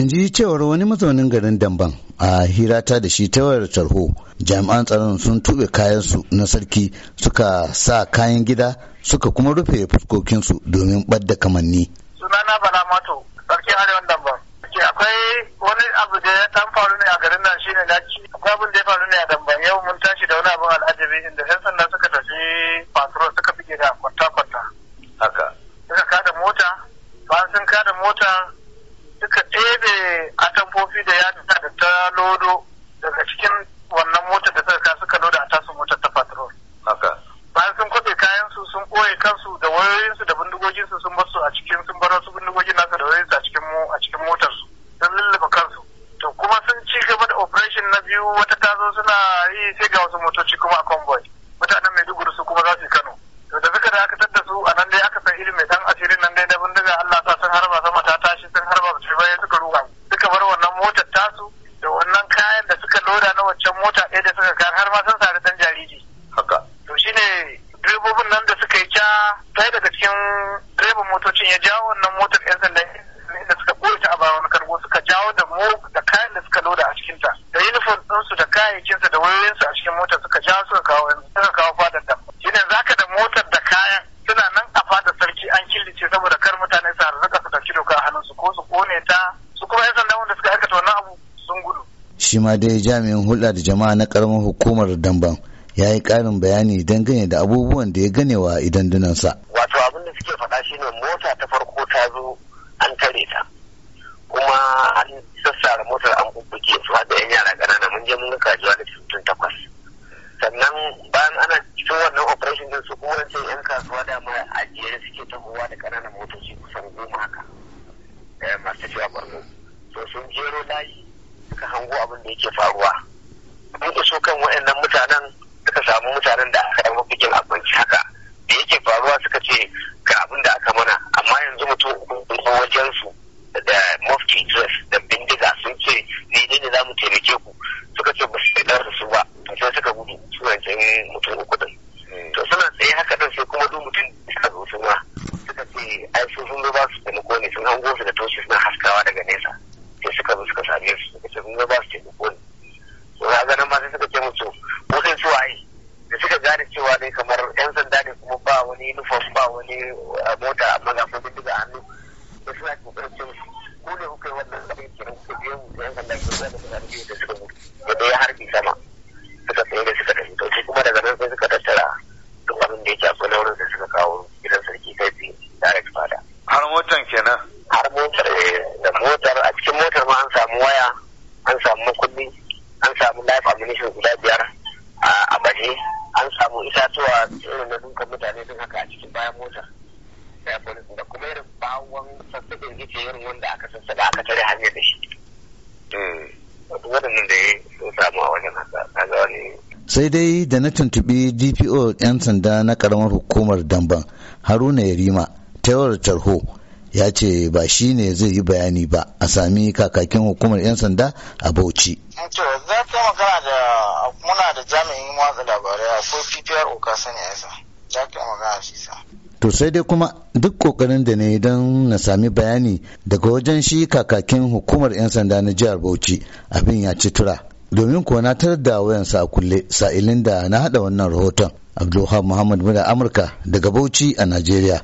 in ji cewar wani mazaunin garin damban a hirata da shi ta wayar tarho jami'an tsaron sun tube kayansu na sarki suka sa kayan gida suka kuma rufe fuskokinsu domin ɓadda kamanni sunana bala mato sarki arewan damban da ya da ta lodo daga cikin wannan motar da suka suka lodo a tasu motar ta patrol bayan sun kwafe kayan su sun ɓoye kansu da wayoyin su da bindigogin su sun basu a cikin sun bar wasu bindigogin nasu da wayoyin su a cikin a cikin motar su sun lullufa kansu to kuma sun ci gaba da operation na biyu wata ta zo suna yi sai ga wasu motar ya jawo wannan motar yan sanda da suka ɓoye ta a bayan kargo suka jawo da mu da kayan da suka loda a cikin ta da uniform ɗinsu da kayayyakinsa da wayoyinsu a cikin motar suka ja suka kawo suka kawo fadar da shine zaka da motar da kayan suna nan a fadar sarki an killace saboda kar mutane su harzuka su ɗauki doka a hannunsu ko su kone ta su kuma yan sanda wanda suka aikata wannan abu sun gudu. shi ma dai jami'in hulɗa da jama'a na ƙaramar hukumar damban ya yi ƙarin bayani dangane da abubuwan da ya ganewa idan dunansa. shine mota ta farko ta zo an tare ta kuma an sassara motar an bubbuke su da yan yara ƙanana mun je mun ga kajuwa da mutum takwas sannan bayan ana cikin wannan operation din su kuma ce yan kasuwa da ma a jere suke tahowa da ƙananan motoci kusan goma haka eh, masu tafiya barno to sun jero layi suka hango abin da yake faruwa mun iso kan waɗannan mutanen dukkan mutane sun haka a cikin bayan motar da polis da kuma irin bawon sassaɓin gice yin wanda aka sassaɓa, aka tare hanyar da shi hmm. da ya samu a sai dai da na tuntubi dpo 'yan sanda na karamar hukumar damban haruna yarima taiwar tarho ya ce ba shi ne zai yi bayani ba a sami kakakin hukumar 'yan sanda a bauchi to za ta magana da muna da jami'in watsa labarai a so okasan okasani yasa to sai dai kuma duk kokarin da ne don na sami bayani daga wajen shi kakakin hukumar 'yan sanda na jihar bauchi abin ya ci tura domin kuwa na tarar da wayansa a kulle sa'ilin da na hada wannan rahoton abdulhamid muhammad Muda amurka daga bauchi a najeriya